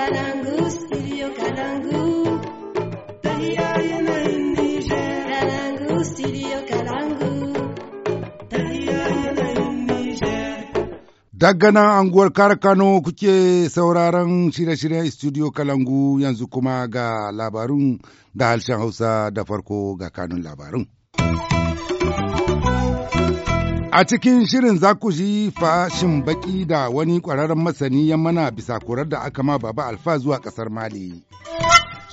Kalangu, studio Daga nan anguwar Karkano kuke sauraron shirye-shiryen studio Kalangu yanzu kuma ga labarun da harshen Hausa da farko ga kanun labarun. A cikin shirin za ku ji fashin baki da wani ƙwararren masani ya mana bisa korar da aka ma Baba Alfa zuwa ƙasar Mali.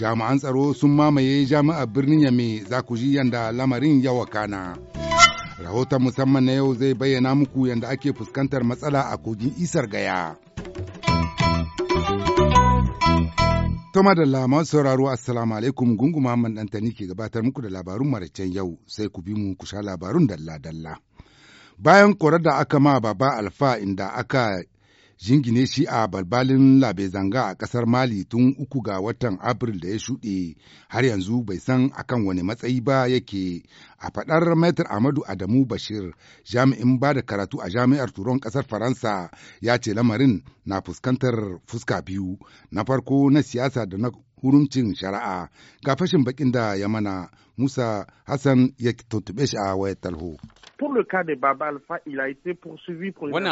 Jami'an tsaro sun mamaye jami'ar birnin Yame za ku ji yanda lamarin ya wakana. Rahoton musamman na yau zai bayyana muku yanda ake fuskantar matsala a kogin isar gaya. Toma da lama sauraro assalamu alaikum gungu Muhammad ni ke gabatar muku da labarun maraicen yau sai ku bi mu ku sha labarun dalla-dalla. bayan korar da aka ma baba alfa inda aka jingine shi a balbalin labe zanga a ƙasar mali tun uku ga watan april da ya shuɗe har yanzu bai san akan wani matsayi ba yake a faɗar maitar amadu adamu bashir jami'in ba da karatu a jami'ar turon ƙasar faransa ya ce lamarin na fuskantar fuska biyu na farko na siyasa da na hurumcin shari'a ga fashin bakin da ya mana musa hassan ya tuntuɓe shi a wayar talho. Wannan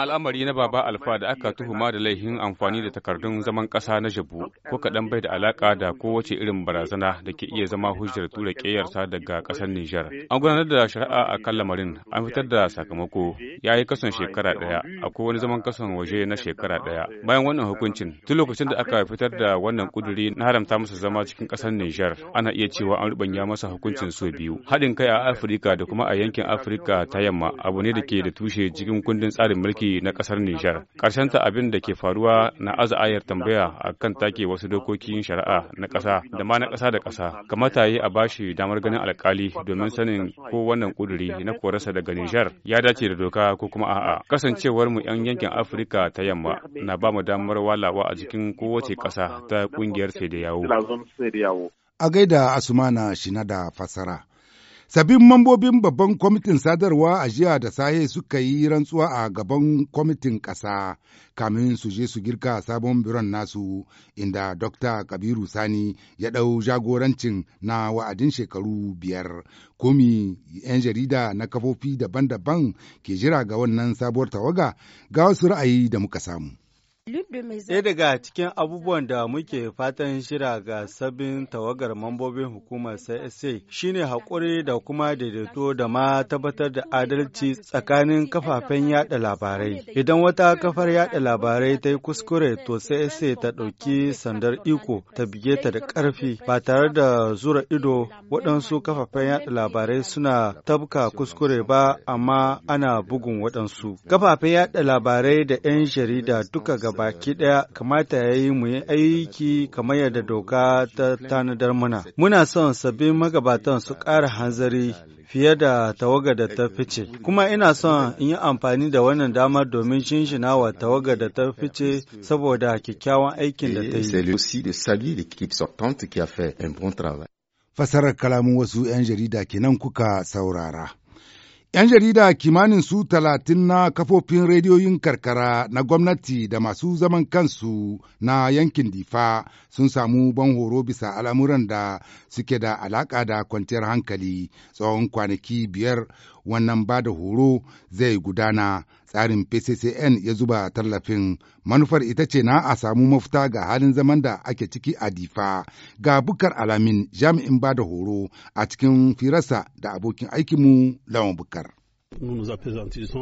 al'amari na Baba Alfa da aka tuhuma da laifin amfani da takardun zaman kasa na jabu ko kaɗan bai da alaƙa da kowace irin barazana da ke iya zama hujjar tura ƙeyarsa daga ƙasar Nijar. An gudanar da shari'a a kan lamarin, an fitar da sakamako, ya yi kason shekara ɗaya, akwai wani zaman kasan waje na shekara ɗaya. Bayan wannan hukuncin, tun lokacin da aka fitar da wannan kuduri na haramta masa zama cikin ƙasar Nijar, ana iya cewa an rubanya masa hukuncin so biyu. Haɗin kai a Afirka da kuma a yankin Afirka ta yamma abu ne da ke da tushe cikin kundin tsarin mulki na kasar Nijar. ta abin da ke faruwa na aza ayar tambaya a kan take wasu dokokin shari'a na kasa da ma na kasa da ƙasa. Kamata yi a bashi damar ganin alkali domin sanin ko wannan kuduri na korarsa daga Nijar ya dace da doka ko kuma a'a. Kasancewar mu 'yan yankin Afirka ta yamma na ba mu damar walawa a jikin kowace kasa ta ƙungiyar sai da yawo. A gaida Asumana Shina da fasara. sabbin mambobin babban kwamitin sadarwa a jiya da sahe suka yi rantsuwa a gaban kwamitin ƙasa kamin su je su girka sabon biron nasu inda Dr. Kabiru Sani ya ɗau jagorancin na wa'adin shekaru biyar. kumi 'yan jarida na kafofi daban-daban ke jira ga wannan sabuwar tawaga ga wasu ra'ayi da muka samu. Ɗaya daga cikin abubuwan da muke fatan shira ga sabbin tawagar mambobin hukumar CSA shine haƙuri da kuma daidaito da ma tabbatar da adalci tsakanin kafafen yada labarai. Idan wata kafar yada labarai ta yi kuskure to CSA ta ɗauki sandar iko ta bige ta da ƙarfi ba tare da zura ido waɗansu kafafen yada labarai suna tabka kuskure ba amma ana bugun waɗansu. Kafafen yada labarai da 'yan jarida duka ga baki ɗaya kamata ya yi mu aiki kamar yadda doka ta tanadar muna. Muna son sabbin magabatan su ƙara hanzari fiye da tawaga da ta fice. Kuma ina son in yi amfani da wannan damar domin shinshina wa tawaga da ta fice saboda kyakkyawan aikin da ta yi. Fasarar kalamun wasu 'yan jarida kenan kuka saurara. ‘Yan jarida kimanin su talatin na kafofin rediyoyin karkara na gwamnati da masu zaman kansu na yankin Difa sun samu ban horo bisa al'amuran da suke da alaƙa da kwanciyar hankali tsawon kwanaki biyar wannan ba da horo zai gudana tsarin PCCN ya zuba tallafin manufar ita ce na a samu mafita ga halin zaman da ake ciki a difa ga bukar alamin jami'in ba da horo a cikin firarsa da abokin aikinmu lawan bukar.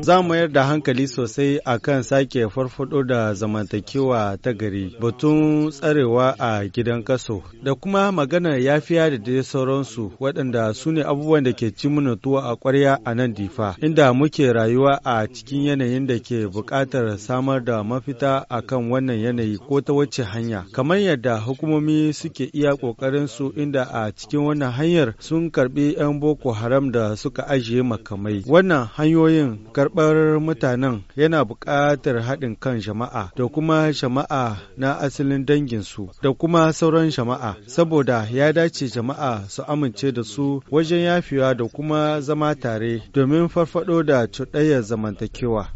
Za mu mayar da hankali sosai a kan sake farfado da zamantakewa ta gari, batun tsarewa a gidan kaso, da kuma maganar yafiya da dai sauransu waɗanda su ne abubuwan da ke ci mana tuwa a ƙwarya a nan difa, inda muke rayuwa a cikin yanayin da ke buƙatar samar da mafita a kan wannan yanayi ko ta wacce hanya. Kamar yadda hukumomi suke iya ƙoƙarinsu inda a cikin wannan hanyar sun karɓi 'yan Boko Haram da suka ajiye makamai. Wannan wannan hanyoyin karɓar mutanen yana buƙatar haɗin kan jama'a da kuma jama'a na asalin danginsu da kuma sauran jama'a saboda ya dace jama'a su amince da su wajen yafiwa da kuma zama tare domin farfado da cuɗayyar zamantakewa.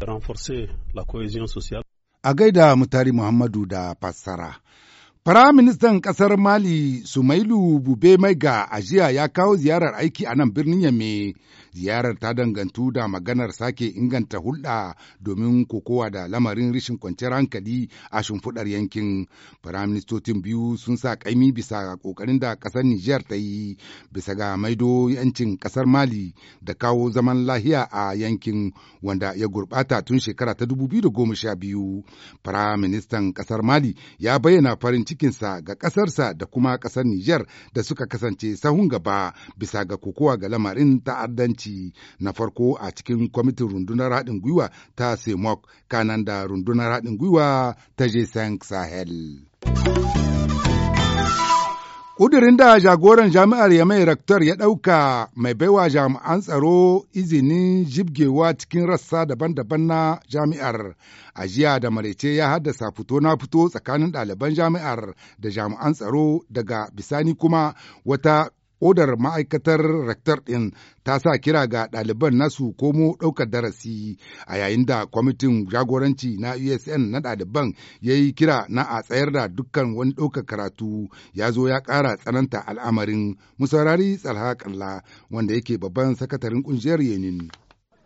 A gaida mutari Muhammadu da fassara. Firaministan ƙasar Mali Sumailu Bube Maiga ga ya kawo ziyarar aiki a nan birnin Yamme ziyarar ta dangantu da maganar sake inganta hulɗa domin kokowa da lamarin rashin kwanciyar hankali a shimfiɗar yankin firaministocin biyu sun sa ƙaimi bisa ƙoƙarin da ƙasar nijar ta yi bisa ga maido yancin ƙasar mali da kawo zaman lahiya a yankin wanda ya gurɓata tun shekara ta da 2012 firaministan ƙasar mali ya bayyana farin cikinsa ga ƙasarsa da kuma ƙasar nijar da suka kasance sahun gaba bisa ga kokowa ga lamarin ta'addanci kwamiti na farko a cikin kwamitin rundunar haɗin gwiwa ta Semok, kanan da rundunar haɗin gwiwa ta je Sahel. Ƙudurin da jagoran jami'ar Yamai Rektor ya ɗauka mai baiwa jami'an tsaro izinin jibgewa cikin rassa daban-daban na jami'ar. ajiya jiya da marece ya haddasa fito na fito tsakanin ɗaliban jami'ar da jami'an tsaro daga bisani kuma wata odar ma'aikatar rektar ɗin ta sa kira ga ɗaliban nasu komo ɗaukar darasi a yayin da kwamitin jagoranci na usn na ɗaliban ya yi kira na a tsayar da dukkan wani ɗaukar karatu ya zo ya ƙara tsananta al'amarin musaurari tsalha ƙalla wanda yake babban sakataren ƙungiyar yenin.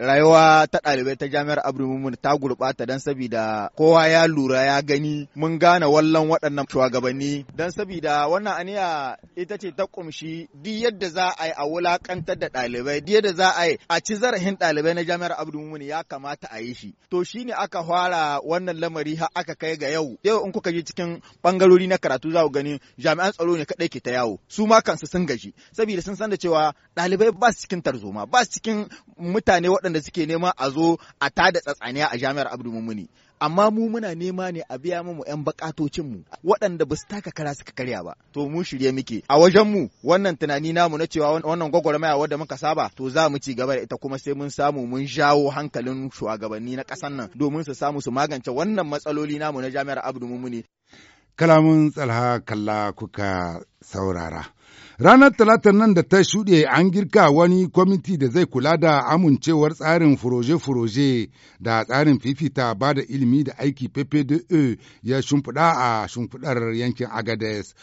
rayuwa ta ɗalibai ta jami'ar Abdu ta gurɓata don sabida kowa ya lura ya gani mun gane wallan waɗannan shugabanni don sabida wannan aniya ita ce ta ƙumshi duk yadda za a yi a wulaƙantar da ɗalibai duk yadda za a yi a ci zarafin ɗalibai na jami'ar Abdu ya kamata a yi shi to shine aka fara wannan lamari har aka kai ga yau yau in kuka je cikin bangarori na karatu za ku gani jami'an tsaro ne kaɗai ke ta yawo su ma kansu sun gaji Sabida sun san da cewa ɗalibai ba su cikin tarzoma ba su cikin mutane waɗanda suke nema a zo a tada tsatsaniya a jami'ar abdu Mumuni amma mu muna nema ne a biya mu yan bakatocin mu waɗanda ba su taka kara suka karya ba to mu shirye muke a wajen mu wannan tunani namu na cewa wannan gwagwarmaya wadda muka saba to za mu ci gaba da ita kuma sai mun samu mun jawo hankalin shugabanni na ƙasar nan domin su samu su magance wannan matsaloli namu na jami'ar abdu Mumuni kalamun tsalha kalla kuka saurara Ranar talatar nan da ta shuɗe an girka wani kwamiti da zai kula da amincewar tsarin furoje-furoje da tsarin fifita ba da ilimi da aiki pepe e ya shimfiɗa a shimfiɗar yankin Agades.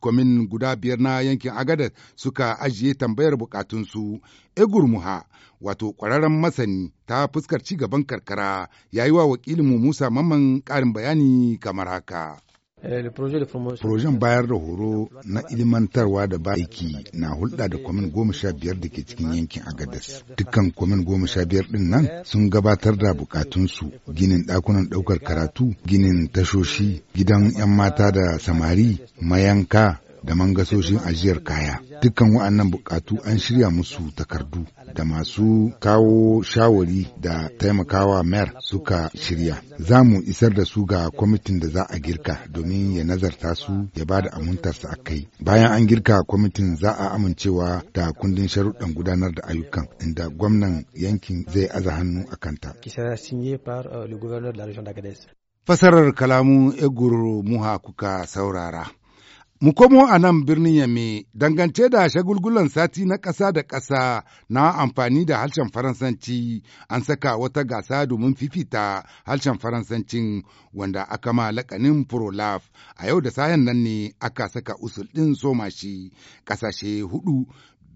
Kwamin guda biyar na yankin Agades suka ajiye tambayar bukatunsu. Egurmuha, wato ƙwararren masani ta fuskar ci gaban karkara, ya yi wa wakilinmu Musa Mamman ƙarin bayani kamar haka. Eh, Projen bayar da horo na ilimantarwa da aiki na hulɗa da kwamin goma sha biyar da ke cikin yankin Agadas. Dukkan kwamin goma sha biyar ɗin nan sun gabatar da bukatunsu ginin ɗakunan ɗaukar karatu, ginin tashoshi, gidan 'yan mata da samari, mayanka, da mangasoshin ajiyar kaya. Dukkan wa'annan bukatu an shirya musu takardu da masu kawo shawari da taimakawa mayar suka shirya. Za mu isar da su ga kwamitin da za a girka domin ya nazarta su ya ba da amintarsa a kai. Bayan an girka kwamitin za a amincewa da kundin sharuɗan gudanar da ayyukan inda gwamnan yankin zai aza hannu a kanta. Euh, Fasarar kalamu Eguru Muha kuka saurara. Mu komo a nan birnin Yame, dangance da shagulgulan sati na ƙasa da ƙasa na amfani da harshen Faransanci, an saka wata gasa domin fifita harshen Faransancin wanda aka ma lakanin Prolaf. A yau da sayan nan ne aka saka usul ɗin somashi ƙasashe hudu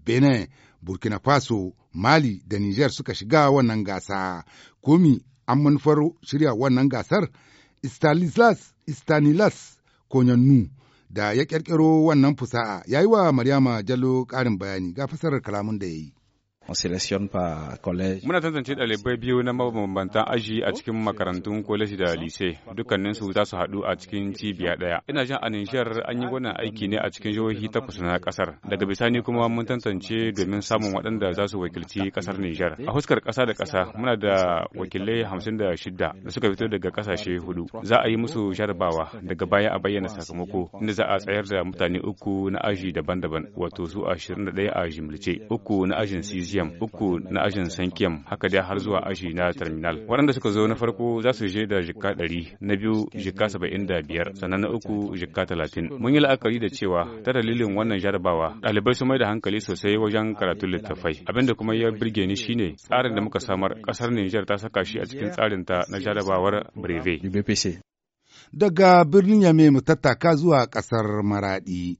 Benin, Burkina Faso, Mali da Niger suka shiga wannan gasa. Komi an manufar shirya wannan gasar? Stanilas Konyanu. da ya ƙirƙiro wannan fusa'a ya yi wa Maryama Jallo ƙarin bayani ga fasarar kalamun da ya yi. on sélectionne par collège muna tantance ɗalibai biyu na mabambantan aji a cikin makarantun college da lise dukkanin su za su haɗu a cikin cibiya ɗaya ina jin a an yi wannan aiki ne a cikin jihohi takwas na kasar daga bisani kuma mun tantance domin samun waɗanda za su wakilci kasar Niger a huskar ƙasa da ƙasa muna da wakilai hamsin da shida da suka fito daga ƙasashe hudu za a yi musu jarabawa daga baya a bayyana sakamako inda za a tsayar da mutane uku na aji daban-daban wato su ashirin da ɗaya a jimlice uku na ajin kiyam uku na ajin kiyam haka dai har zuwa aji na terminal waɗanda suka zo na farko za su je da jikka ɗari na biyu jikka saba'in da biyar sannan na uku jikka talatin mun yi la'akari da cewa ta dalilin wannan jarabawa ɗalibai su mai da hankali sosai wajen karatun littattafai abinda kuma ya birge ni shine tsarin da muka samar ƙasar Nijar ta saka shi a cikin tsarinta na jarabawar breve daga birnin yame mu tattaka zuwa ƙasar maraɗi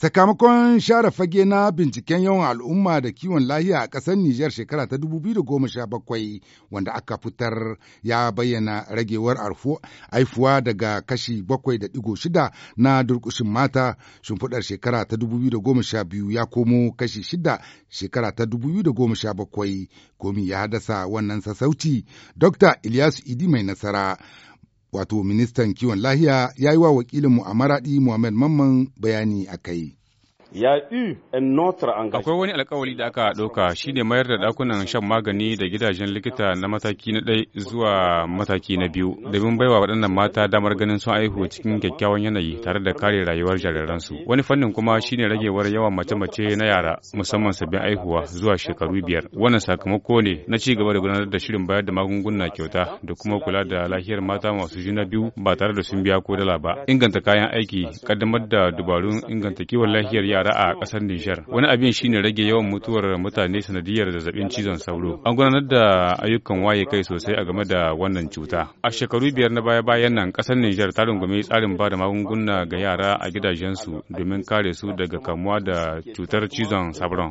Sakamakon share fage na binciken yawan al'umma da kiwon lahiya a ƙasar Nijar shekara ta 2017 wanda aka fitar ya bayyana ragewar haifuwa daga kashi 7.6 na durƙushin mata shimfiɗar shekara ta 2012 ya komo kashi 6 shekara ta 2017 komi ya haddasa wannan sassauci. Dr. Ilyasu Idi mai nasara wato ministan kiwon lahiya ya yi wa wakilin a maraɗi Muhammad Mamman bayani a kai. ya Akwai wani alkawari da aka ɗauka shine mayar da ɗakunan shan magani da gidajen likita na mataki na ɗai zuwa mataki na biyu, domin baiwa waɗannan mata damar ganin sun aihu cikin kyakkyawan yanayi tare da kare rayuwar jariransu. Wani fannin kuma shine ragewar yawan mace-mace na yara musamman sabbin aihuwa zuwa shekaru biyar. Wannan sakamako ne na ci gaba da gudanar da shirin bayar da magunguna kyauta da kuma kula da lafiyar mata masu juna biyu ba tare da sun biya ko dala ba. Inganta kayan aiki, kaddamar da dubarun inganta kiwon lafiyar yara yara a ƙasar Nijar. Wani abin shine rage yawan mutuwar mutane sanadiyar zazzabin cizon sauro. An gudanar da ayyukan waye kai sosai a game da wannan cuta. A shekaru biyar na baya-bayan nan ƙasar Nijar ta rungume tsarin ba da magunguna ga yara a gidajensu domin kare su daga kamuwa da cutar cizon sabron.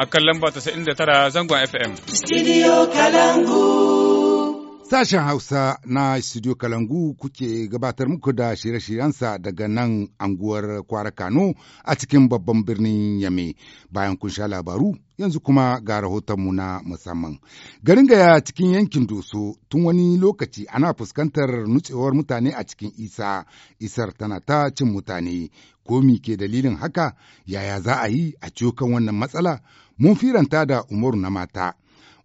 a kan lamba 99 zangon FM. Studio Kalangu. Sashen Hausa na Studio Kalangu kuke gabatar muku da shirye shiryen sa daga nan anguwar Kwara Kano a cikin babban birnin Yame. Bayan kun sha labaru, yanzu kuma ga rahotonmu na musamman. Garin gaya cikin yankin Doso tun wani lokaci ana fuskantar nutsewar mutane a cikin isa, isar tana ta cin mutane. Komi ke dalilin haka, yaya za a yi a ciyo wannan matsala? Mun firanta da Umaru na mata,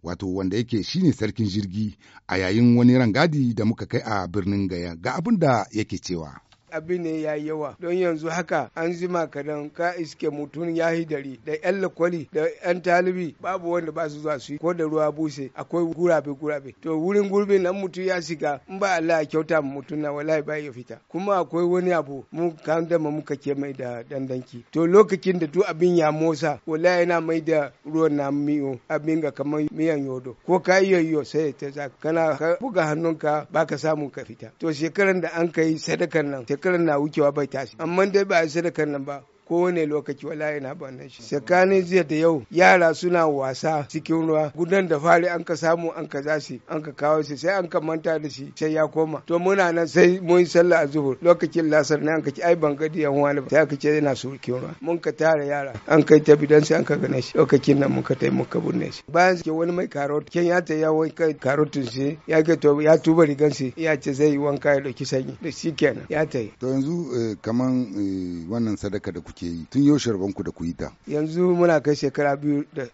wato wanda yake shine sarkin jirgi a yayin wani rangadi da muka kai a birnin Gaya ga abin da yake cewa. abin ne ya yi yawa don yanzu haka an zima kadan ka iske mutum ya hidari da yan lakwali da yan talibi babu wanda ba su zuwa su ko da ruwa buse akwai gurabe gurabe to wurin gurbe nan mutum ya shiga in ba Allah ya kyauta mu mutum na wallahi ba ya fita kuma akwai wani abu mu kan da mu muka ke mai da dandanki to lokacin da duk abin ya mosa. wallahi yana mai da ruwan na miyo abin ga kamar miyan yodo ko ka iya sai ta kana buga hannunka baka samu ka fita to shekaran da an kai sadakan nan shekarar na wukewa bai tashi amma dai ba a yi sadakar nan ba kowane lokaci wallahi na ban shi tsakanin jiya da yau yara suna wasa cikin ruwa gudan da fari an ka samu an ka zasi an ka kawo shi sai an ka manta da shi sai ya koma to muna nan sai mun sallah azhur lokacin lasar ne an ka ci ai ban gadi yan wani ba sai aka ce yana surkin ruwa mun ka tare yara an kai ta bidan sai an ka gane shi lokacin nan mun ka tai muka binne shi bayan ke wani mai karot ken ya ta ya kai karotin shi ya ke to ya tuba rigan shi ya ce zai yi wanka ya dauki sanyi da shi kenan ya ta to yanzu eh, kaman eh, wannan sadaka da kuke kuke yi tun yau sharban ku da ku yi ta yanzu muna kai shekara biyu da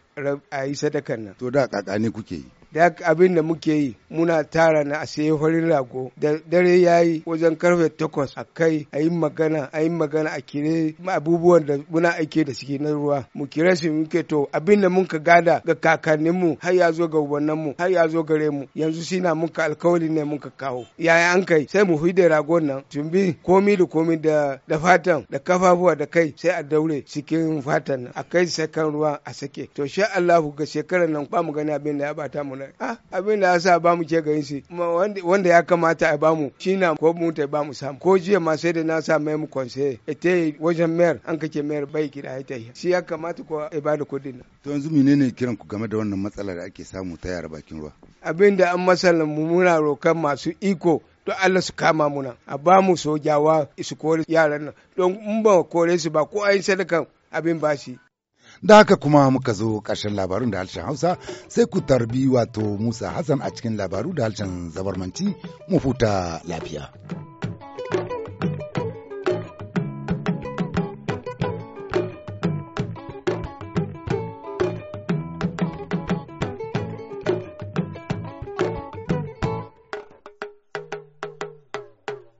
a yi sadakan nan to da kakane kuke yi da abin da muke yi muna tara na a sayi farin rago da dare ya yi wajen karfe takwas a kai a yi magana a yi magana a kire abubuwan da muna aike da suke na ruwa mu kire su muke to abin da muka gada ga kakanninmu har ya zo ga mu har ya zo gare mu yanzu mun muka alkawali ne muka kawo yaya an kai sai mu huide ragon nan tumbi komi da komi da da fatan da kafafuwa da kai sai a daure cikin fatan nan a kai sakan ruwa a sake to sha Allahu ga shekarar nan ba mu gani abin da ya bata mu wannan ah, abin da yasa ba mu ke garin shi wanda ya kamata a bamu shi na ko mu ta ba mu samu ko jiya ma sai da na sa mai mu konse ite wajen mayar an kake mayar bai kira ita shi ya kamata ko a bada na. to yanzu menene kiran ku game da wannan matsala da ake samu ta yara bakin ruwa abin da an matsala mu muna rokan masu iko don Allah su kama muna a ba mu sojawa su kore yaran nan don in ba kore su ba ko ayin sadakan abin ba shi Da haka kuma muka zo ƙarshen labarun da harshen Hausa sai ku tarbi wato Musa Hassan a cikin labaru da harshen zabarmanci mu futa lafiya.